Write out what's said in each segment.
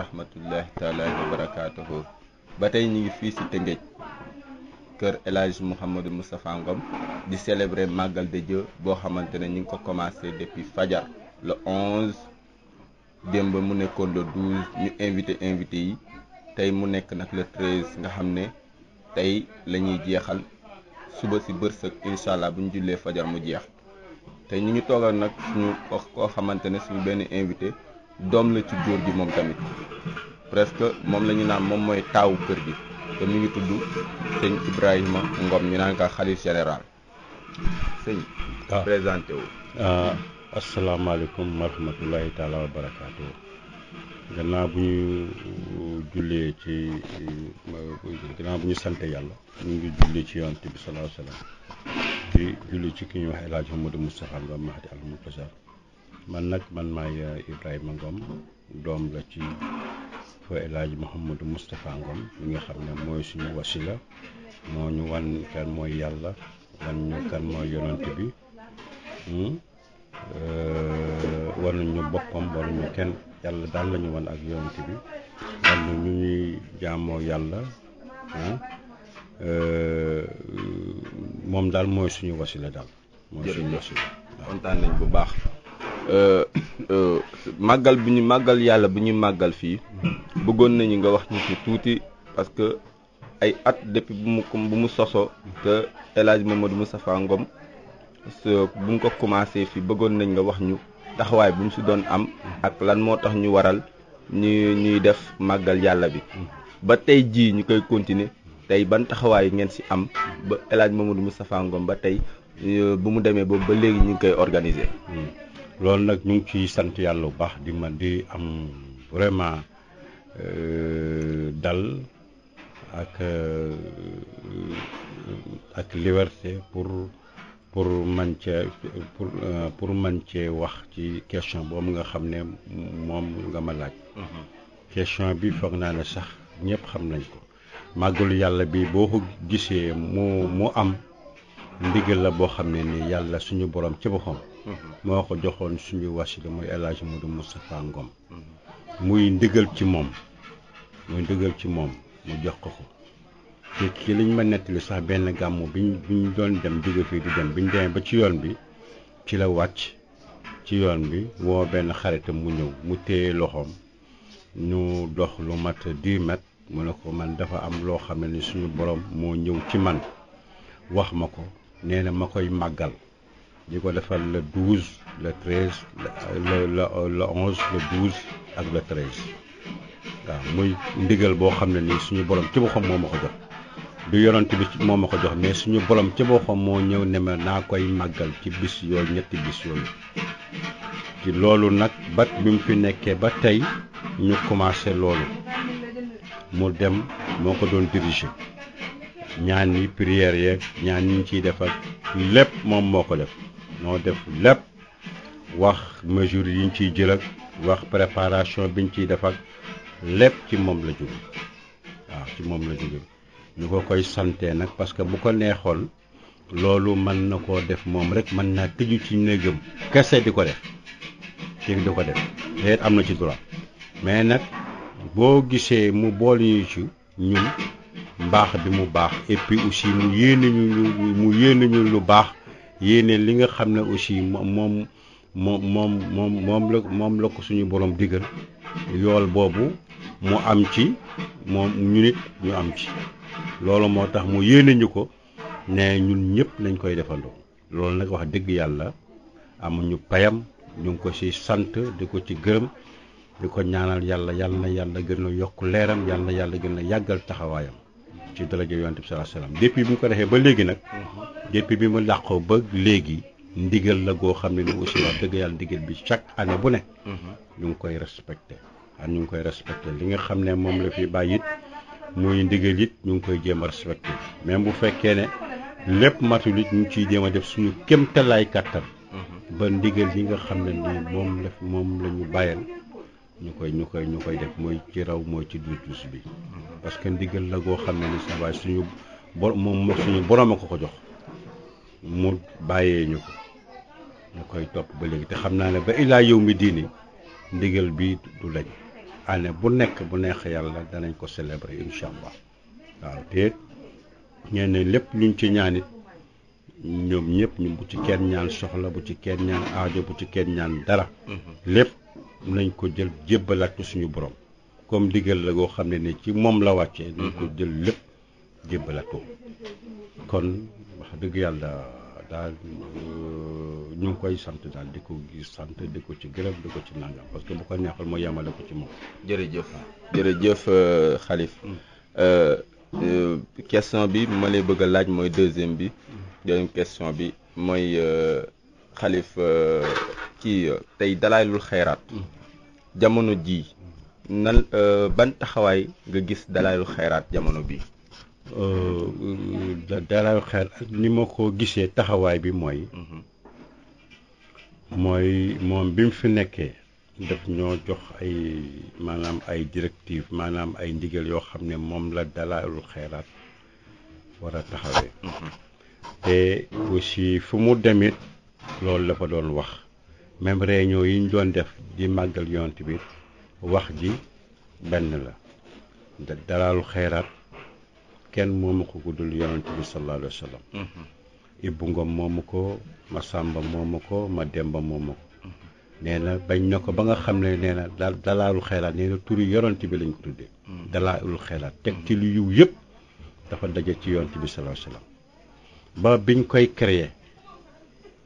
rahmatullahi taala wa ba tey ñu ngi fii si Tëngéej kër El Hadj Mouhamadou Moustapha Ngom di célébrer màggal de Dieu boo xamante ne ñu ngi ko commencé depuis fajar le 11 démb mu nekkoon le 12 ñu invité invité yi tey mu nekk nag la 13 nga xam ne tey lañuy jeexal suba si bërsëg incha allah bu ñu jullee fajar mu jeex te ñu ngi toogal nag suñu koo xamante ne suñu benn invité. doom la ci góor gi moom tamit presque moom la ñu naan moom mooy taawu kër gi te mi ngi tudd sëñ Ibrahima Ngom ñu naan ka xalif général sëñ ah. présenté wu ah, asalaamaaleykum wa rahmatullahi taala wa barakaatu bu ñu jullee ci gannaaw bu ñu sant yàlla ñu ngi julli ci yonent bi salaahu salaam di julli ci ki ñuy wax El Hadj Amadou Moustapha Ngom Mahdi al man nag man maay euh, Ibrahima Ngom doom la ci fa El Hadj Mouhamadou Moustapha Ngom mi nga xam ne mooy suñu wasila moo ñu wan kan mooy yàlla wan ñu kan mooy yonant bi hmm? euh, wanuñu boppam kenn yàlla daal la ñu wan ak ñu ñuy jaamoo yàlla hmm? euh, moom daal mooy suñu wasila daal. mooy suñu wasila kontaan Euh, euh, màggal bi ñu màggal yàlla bu ñu màggal fii bëggoon nañu nga wax ñu ci tuuti parce que ay at depuis bu mu bu mu soso te El Hadj bu ko commencé fii bëggoon nañ nga wax ñu taxawaay bu mu si doon am ak lan moo tax ñu waral ñu ñuy def màggal yàlla bi ba tey jii ñu koy continuer tey ban taxawaay ngeen si am ba El Hadj mu Moustapha Ngom ba tey euh, bu mu demee boobu ba léegi ñu ngi koy organiser loolu nag ñu ngi ci sant yàlla bu baax di ma di am vraiment euh, dal ak euh, ak liberté pour pour man cee pour euh, pour man cee wax ci question boobu nga xam ne moom nga ma laaj. Mhm. question bi foog naa ne sax ñëpp xam nañ ko màggalu yàlla bi boo ko gisee mu mu am. ndigal la boo xam ne ni yàlla suñu borom ci boppam moo ko joxoon suñu wasila muy El Hadj Modou Moustapha Ngom muy ndigal ci muy ndigal ci mu jox ko ko te ci liñ ma nettali sax benn gàmmu biñ biñ doon dem jóge fii di dem biñ demee ba ci yoon bi ci la wàcc ci yoon bi woo benn xaritam mu ñëw mu ñu dox lu mat 10 mètres mu ne ko man dafa am loo xam ne ni suñu borom moo ñëw ci man wax ma ko nee na ma koy màggal di ko defal le douze le treize le ak le treize waaw muy ndigal boo xam ne nii suñu borom ci boppam moo ma ko jox du yonent bi moo ma ko jox mais suñu borom ci boppam moo ñëw ne ma naa koy màggal ci bis yooyu ñetti bis yooyu ci loolu nag ba bi mu fi nekkee ba tey ñu commencé loolu mu dem moo ko doon diriger. ñaan yi prière yeeg ñaan yi ñu ciy def ak lépp moom moo ko def moo def lépp wax mesures yi ñu ciy jël wax préparation bi ñu ciy def ak lépp ci moom la jóge moom la ñu ko koy sante nag parce que bu ko neexoon loolu mën na koo def moom rek mën naa tëju ci néegam kese di ko def ci di ko def léegi am na ci droit mais nag boo gisee mu boole ñu ci ñun. mbaax bi mu baax et puis mu yéene ñu mu yéene ñu lu baax yéene li nga xam ne aussi moom moom moom moom moom la ko suñu borom digal yool boobu mu am ci moom ñu nit ñu am ci loolu moo tax mu yéene ñu ko ne ñun ñëpp nañ koy defandoo loolu nag wax dëgg yàlla amuñu payam ñu ko ci sant di ko ci gërëm di ko ñaanal yàlla yàlla na yàlla gën a yokk leeram yàlla yàlla gën a yàggal taxawaayam ci daraja yonent bi sallallahu alayhi wasallam depuis bi mu ko defee ba léegi nag. depuis bi mu làqoo ba léegi. ndigal la goo xam ne ni aussi wax dëgg yàlla ndigal bi chaque année bu ne. ñu ngi koy respecté. ak ñu ngi koy respecté li nga xam ne moom la fi bàyyi it muy ndigal it ñu ngi koy jéem a respecté même bu fekkee ne lépp matul it ñu ciy jéem a def suñu kéemtalaay kàttan. Mhm. ba ndigal yi nga xam ne ni moom la moom la ñu bàyyal. ñu koy ñu koy ñu koy def mooy ci raw mooy ci duus bi parce que ndigal la goo xam ne ni sa waay suñu bor moom suñu borom a ko ko jox mu bàyyee ñu ko ñu koy topp ba léegi te xam naa ne ba ilaa yow mi diini ndigal bi du lañ année bu nekk bu neex yàlla danañ ko célébrer incha allah waaw te ñeen ne lépp luñ ci ñaanit ñoom ñëpp ñu bu ci kenn ñaan soxla bu ci kenn ñaan aajo bu ci kenn ñaan dara mm-hmm. lépp nañ ko jël jébbalaat ko suñu borom comme ndigal la goo xam ne ni ci moom la wàccee. nañ ko mhm. jël lépp jébbalaat ko kon wax dëgg yàlla daal euh, ñu ngi koy sant daal di ko gis sant di ko ci gërëb di ko ci nangam parce que bu ko neexal moo yemale ko ci moom. jërëjëf jërëjëf xalif euh, mm. euh, question bi ma lay bëgg laaj mooy deuxième bi deuxième mm. question bi mooy xalif kii tey dalaayilul xayraat mm. jamono jii nan euh, ban taxawaay nga gis dalaayilul xayraat jamono bii. Euh, dalaayilul xayraat ni ma ko gisee taxawaay bi mm-hmm. mooy. moom bi mu fi nekkee. daf ñoo jox ay maanaam ay directive maanaam ay ndigal yoo xam ne moom la dalaayilul xayraat war a taxawee. Mm-hmm. te aussi fu mu demit loolu la fa doon wax. même réunion yi ñu doon def di màggal yonent bi wax ji benn la dalaalu xayraat kenn moomu ko guddul yonent bi sallallahu alayhi wa sallam mm-hmm. ibbu ngom moomu ko ma sàmba moomu ko ma demba moomu ko mm-hmm. nee na bañ na ko ba nga xam ne nee na dalaalul xayraat nee na turi yonent bi lañ ko mm-hmm. dalaalul xayraat teg ci lu yiw yépp dafa daje ci yonent bi sallallahu alayhi wa ba biñ koy créer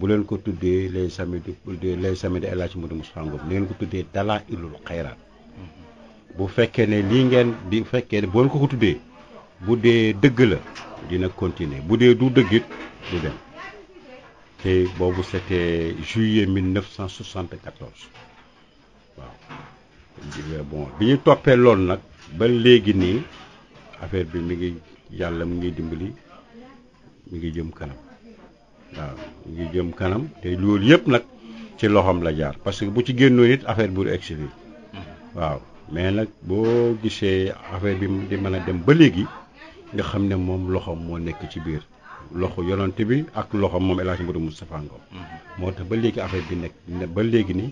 bu leen ko tuddee les samedi les samedi El Hadj Modou Moussa Ngom ni ngeen ko tuddee dalaa ilul xayraat bu fekkee ne lii ngeen di fekkee ne boo leen ko ko tuddee bu dee dëgg la dina continuer bu dee du dëggit du dem te boobu c'était juillet 1974 waaw bon bi ñu toppee loolu nag ba léegi nii affaire bi mi ngi yàlla mi ngi dimbali mu ngi jëm kanam waaw ngi jëm kanam te loolu yëpp nag ci loxoom la jaar parce que bu ci génnoon it affaire bu egsi fii waaw mais nag boo gisee affaire bi di mën a dem ba léegi nga xam ne moom loxoom moo nekk ci biir loxo yonante bi ak loxoom moom El Hadj mu Moustapha Ngom moo tax ba léegi affaire bi nekk ba léegi ni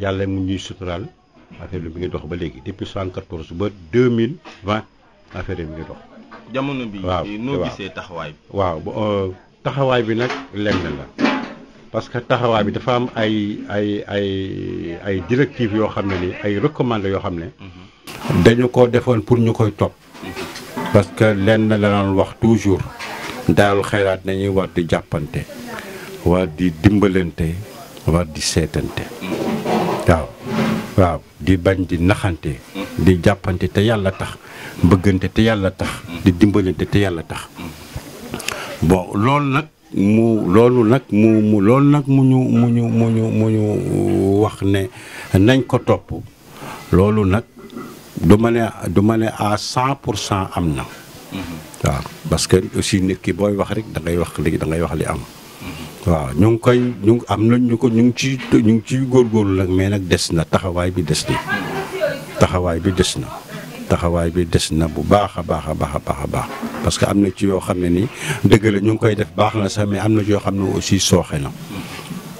yàlla mu ñuy suturaal affaire bi mi dox ba léegi depuis cent quatorze ba deux mille vingt affaire bi mi dox. jamono bi. waaw noo gisee taxawaay bi. waaw euh, taxawaay bi nag lenn la parce que taxawaay bi dafa am ay ay ay ay directives yoo xam ne ni ay recommandé yoo xam ne dañu ko defoon pour ñu koy topp parce que lenn la wax toujours daal xayraat nañuy war di jàppante war di dimbalante war di seetante waaw waaw di bañ di naxante di jàppante te yàlla tax bëggante te yàlla tax di dimbalante te yàlla tax bon loolu nag mu loolu nag mu mu loolu nag mu ñu mu ñu mu ñu wax ne nañ ko topp loolu nag du ma ne du ma ne à cent pour cent am na mm-hmm. waaw parce que aussi nit ki booy wax rek dangay wax li da ngay wax li am mm-hmm. waaw ñu ngi koy ñu am nañ ko ñu ngi ci ñu ngi ciy góorgóorlu nag mais nag des na taxawaay bi des na taxawaay bi des na taxawaay bi des na bu baax a baax a baax a baax a baax parce que am na ci yoo xam ne nii dëgg la ñu ngi koy def baax na sax am na ci yoo xam ne aussi sooxe na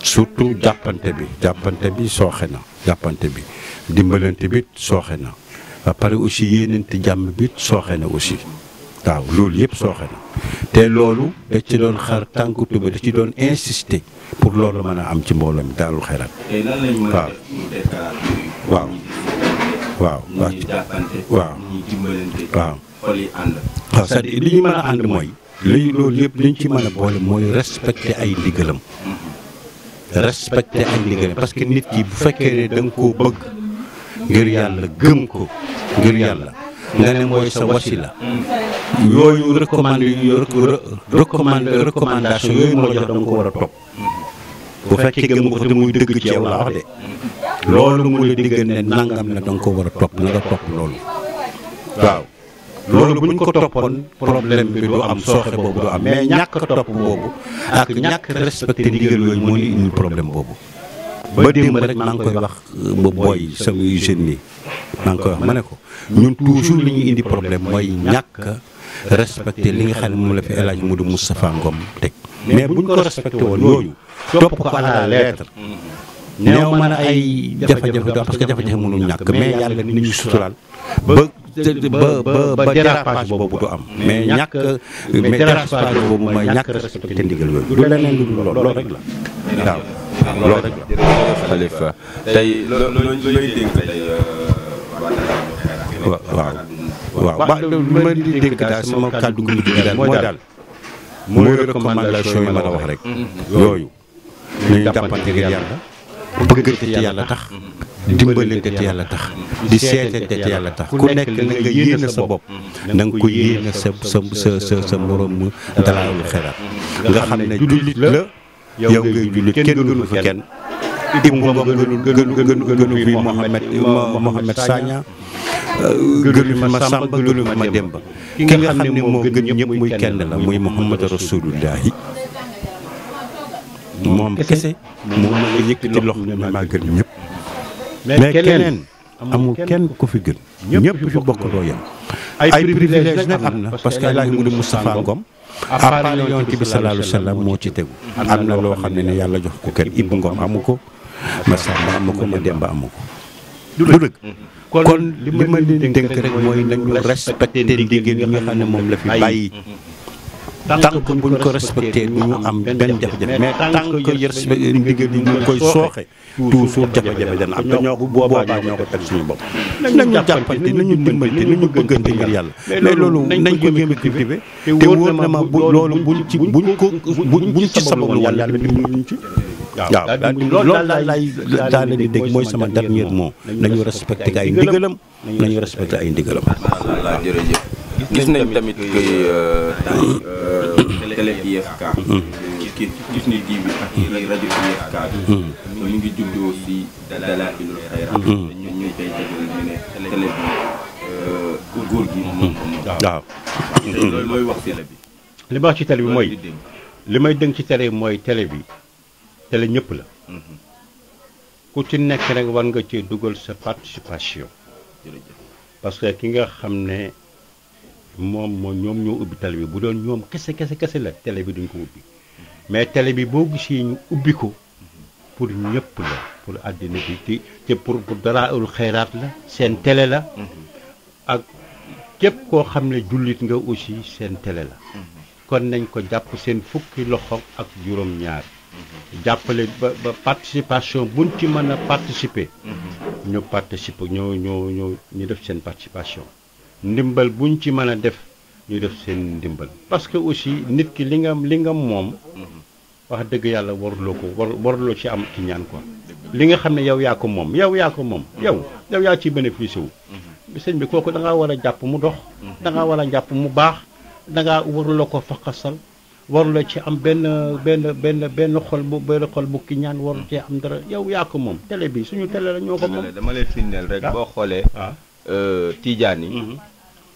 surtout jàppante bi jàppante bi sooxe na jàppante bi dimbalante bi sooxe na ba pare aussi yéenante jàmm bi sooxe na aussi waaw loolu yëpp sooxe na te loolu da ci doon xar tànk tuba da ci doon insister pour loolu mën a am ci mbooloo mi daalul xerat waaw waaw waaw ñu waaw li ñu mën a ànd mooy. li loolu yëpp ñu ci mën a boole mooy respecter ay ndigalam. Mm-hmm. respecter ay ndigalam parce que nit ki bu fekkee ne da koo bëgg. ngir yàlla gëm ko ngir yàlla. nga ne mooy sa wasila. Mm-hmm. yooyu recommandé yooyu recommandé yooyu moo jox da ko war a topp. Mm-hmm. bu fekkee gëm nga ko te muy dëgg ci laa wax de. loolu mu la diggal nangam na danga ko war a topp na nga topp loolu waaw loolu bu ñu ko toppoon problème bi du am sooxe boobu du am mais ñàkk topp boobu ak ñàkk respecté ndigal yooyu moo ñu indil problème boobu ba démb rek maa koy wax euh, ba booy samay jeunes yi koy wax ma ne ko ñun toujours li ñuy indi problème mooy ñàkk respecté li nga xam ne moom la fi El Hadj Modou Moustapha Ngom teg mais bu ñu ko respecté woon yooyu topp ko à la neew mën a ay jafe-jafe doon parce que jafe-jafe mënul ñàkk mais yàlla nit ñu suturaal ba ba ba dérapage boobu du am. mais ñàkk mais dérapage boobu mooy ñàkk respecté ndigal yooyu waaw. waaw ba lu euh, ma di dénk daal sama kàddu gu mujj gi daal mooy daal mooy recommandation yi ma la wax rek. yooyu nañu jàppante ngir yàlla. bëggante te yàlla tax dimbalante te yàlla tax di seetante te yàlla tax ku nekk na nga yéene sa bopp na nga ko yéene sa sa sa sa moroom dalaayul xelaat nga xam ne jullit la yow ngay jullit kenn gënu fa kenn im nga gënu gënu gënu gënu fi Mohamed Mohamed Sagna gënu fi ma Samba gënu fi ma Demba ki nga xam ne moo gën ñëpp muy kenn la muy Muhammad Rasulullahi moom kese moom la yëkkati loxo ne maa gën ñëpp. mais keneen amul kenn ku fi gën. ñëpp fi bokk doo yem. ay privilège nag am na parce que laaj mu di Moustapha Ngom. à part yonent bi salaalu salaam moo ci tegu. am na loo xam ne ne yàlla jox ko kenn Ibou Ngom amu ko. Massamba amu ko Mademba amu ko. du dëgg. Mm-hmm. kon li ma leen dénk rek mooy nañu respecté ndigal yi nga xam ne moom la fi bàyyi. tant que buñ ko respecté du ñu am benn jafe-jafe mais tant que yër ñu koy sooxe toujours jafe-jafe dana am te ko boobaa ko teg suñu bopp nañu jàppante nañu dimbalante nañu bëggante ngir yàlla mais loolu nañ ko jéem a cultivé te wóor na ma bu loolu buñ ci buñ ko buñ ci sabablu woon yàlla dimbaluñ ci waaw loolu daal laay daal la mooy sama dernier mot nañu respecté ay ndigalam nañu respecté ay ndigalam. gis nañ tamit que euh, euh, télé IFK mm. ki gis ni mm. diw bi ak rajo IFK bi ñu ngi ñu ñu tey mooy wax télé bi li ma wax ci télé bi mooy li may dëng ci télé bi mooy télé bi tele ñëpp la mm-hmm. ku ci nekk rek war nga cee dugal sa participation parce que ki nga xam ne moom moo ñoom ñoo ubbi télé bi bu doon ñoom kese kese kese la télé bi duñ ko ubbi mais télé bi boo gisee ñu ubbi ko pour ñëpp la pour àddina bi te pour pour dara daraul xayraat la seen télé la ak képp koo xam ne jullit nga aussi seen télé la kon nañ ko jàpp seen fukki loxo ak juróom ñaar jàppale ba ba participation buñ ci mën a participer ñu participer ñoo ñoo ñoo ñu def seen participation ndimbal bu buñ ci mën a def ñu def seen ndimbal parce que aussi nit ki li nga li nga moom wax dëgg yàlla waruloo ko war waruloo ci am ci ñaan quoi li nga xam ne yow yaa ko moom yow yaa ko moom yow yaa ciy bénéficié wu sëñ bi kooku da ngaa war a jàpp mu dox da war a jàpp mu baax da ngaa waruloo ko faqasal waruloo ci am benn benn benn benn xol bu benn xol bu ki ñaan warul ci am dara yow yaa moom télé bi suñu tele la ñoo ko moom dama lay firndeel rek ah. boo xoolee ah. euh, tijaan yi mhm.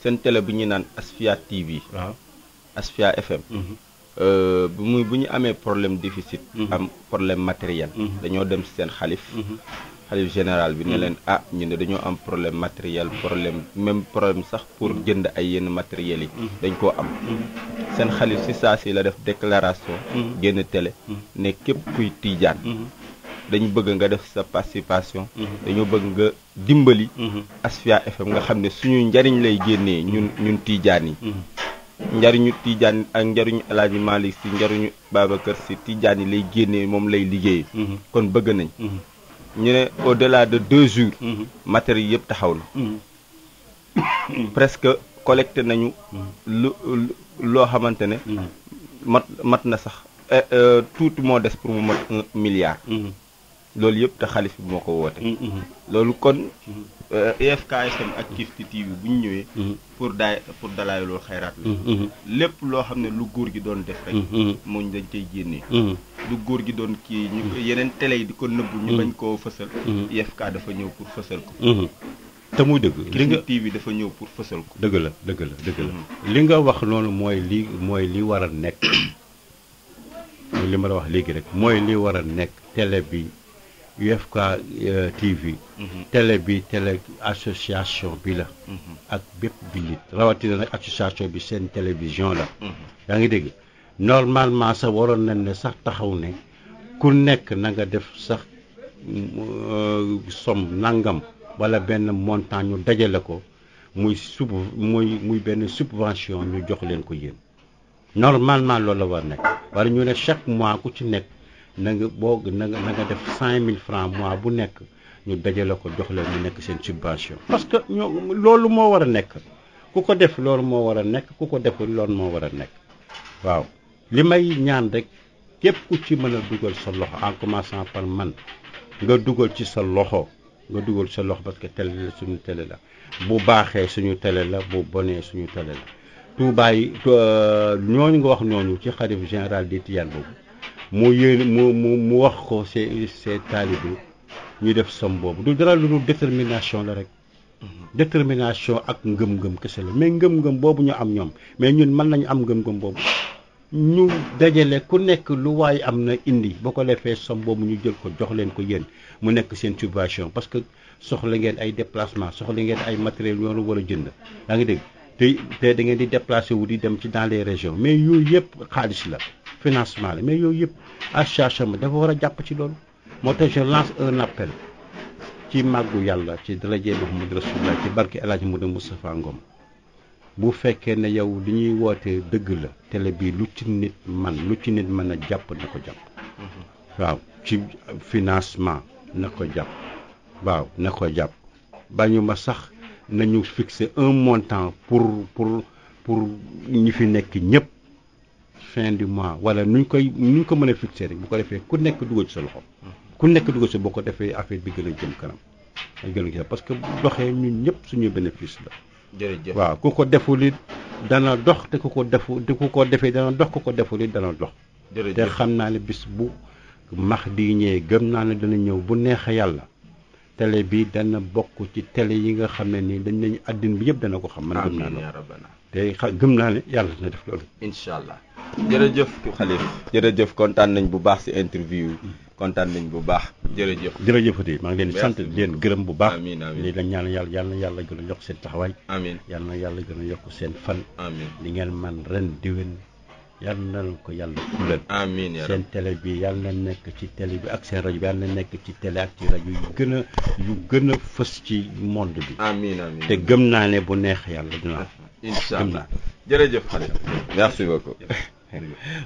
seen télé bu ñuy naan Asfia TV. waaw Asfia FM. Mhm. Euh, bu muy bu ñu amee problème déficit. Mhm. am problème matériel. Mhm. dañoo dem si seen xalif. xalif général bi ne leen ah ñu ne dañoo am problème matériel problème même problème sax pour jënd ay yenn matériels yi. dañ koo am. seen xalif si saa si la def déclaration. génn télé. ne képp kuy tiijaan. dañu bëgg nga def sa participation mhm. dañu bëgg nga dimbali mhm. Asfia FM nga xam ne suñu njariñ lay génnee ñun ñun tiijaan yi mhm. njariñu tiijaan ak njariñu alaaji Malick si njariñu kër si tiijaan yi lay génnee moom lay liggéey kon bëgg nañ ñu ne au de deux jours matériel yëpp taxaw na presque collecté nañu loo xamante ne mat mat na sax eh, euh, tuuti moo des pour mu mat un loolu yëpp te xalif bi moo ko woote. Mm, mm, mm. loolu kon. EFK euh, FM ak Kifne TV bu ñu ñëwee. pour daay pour dalaayu loolu xayraat la. lépp loo xam ne lu góor gi doon def rek. mooñ dañ cay génnee. lu góor gi doon kii yeneen télé yi di ko nëbbu. ñu bañ koo fësal. EFK dafa ñëw pour fësal ko. te muy dëgg li nga dafa ñëw pour fësal ko. dëgg la dëgg la dëgg la nga wax noonu mooy li mooy li war a nekk li ma la wax léegi rek mooy li war nekk télé bi UFK euh, TV. Mhm. télé bi télé association bi la. Mhm. ak bépp jullit rawatina nag association bi seen télévision la. Mhm. yaa ngi dégg normalement sa waroon na ne sax taxaw ne ku nekk nanga def sax euh, somme nangam wala benn montagne ñu dajale ko muy sub muy muy benn subvention ñu jox leen ko yéen normalement loolu war nekk wala ñu ne chaque mois ku ci nekk. na nga boo na nga na def cinq mille francs mois bu nekk ñu dajale ko jox leen mu nekk seen subvention. parce que ñoo loolu moo war a nekk ku ko def loolu moo war a nekk ku ko deful loolu moo war a nekk waaw li may ñaan rek képp ku ci mën a dugal sa loxo en commençant par man nga dugal ci sa loxo. nga dugal sa loxo parce que télé la suñu télé la bu baaxee suñu télé la bu bonee suñu télé la Touba yi euh, ñooñu nga wax ñooñu ci xalif général di Tijaan boobu mu yéene mu mu mu wax ko see see taalibe ñu def som boobu du dara lu détermination la rek détermination ak ngëm-ngëm kese la mais ngëm-ngëm boobu ñu am ñoom mais ñun mën nañu am ngëm-ngëm boobu ñu dajale ku nekk lu waay am na indi boo ko defee som boobu ñu jël ko jox leen ko yéen mu nekk seen subvention parce que soxla ngeen ay déplacement soxla ngeen ay matériel yoonu war a jënd yaa ngi dégg te te da ngeen di déplacé wu di dem ci dans les régions mais yooyu yëpp xaalis la financement mais il y a dafa wara japp ci je lance un appel ci màggu Yalla, ci darajee Muhammad Rasulullah ci barke El Hadj Moustapha Ngom bu fekke ne yow li ñuy la télé bi lu ci nit man lu ci nit a nako mm-hmm. waaw ci financement nako japp waaw nako japp bañuma sax fixer un montant pour pour pour ñi fi nekk fin du mois wala nuñ koy nuñ ko mën fixer bu ko defee ku nekk dugal ci sa loxo ku nekk dugal ci boko ko defee affaire bi gën a jëm kanam ak gën a jëm parce que doxee ñun ñëpp suñu bénéfice la jërëjëf waaw ku ko defulit it dana dox te ku ko defu te ku ko defee dana dox ku ko defulit it dana dox te xam naa ne bis bu max di ñëwee gëm naa ne dana ñëw bu neex yàlla télé bi dana bokk ci télé yi nga xam ne nii dañ nañu àddina bi yëpp dana ko xam man gëm naa ne te gëm naa ne yàlla na def loolu incha allah jërëjëf Khalil jërëjëf kontaan nañ bu baax si interview yi kontaan nañ bu baax jërëjëf jërëjëfati maa ngi leen di sant di leen gërëm bu baax amiin amiin lii lañ ñaan yàlla yàlla na yàlla gën a yokk seen taxawaay amiin yàlla na yàlla gën a yokk seen fan amiin li ngeen man ren diwén yàlla na ko yàlla kulal amiin seen tele bi yàlla na nekk ci télé bi ak seen rajo bi yàlla na nekk ci télé ak ci rajo yu gën a yu gën a fës ci monde bi te gëm naa ne bu neex yàlla dinaa incha allah gëm naa jërëjëf Khalil merci beaucoup anyway.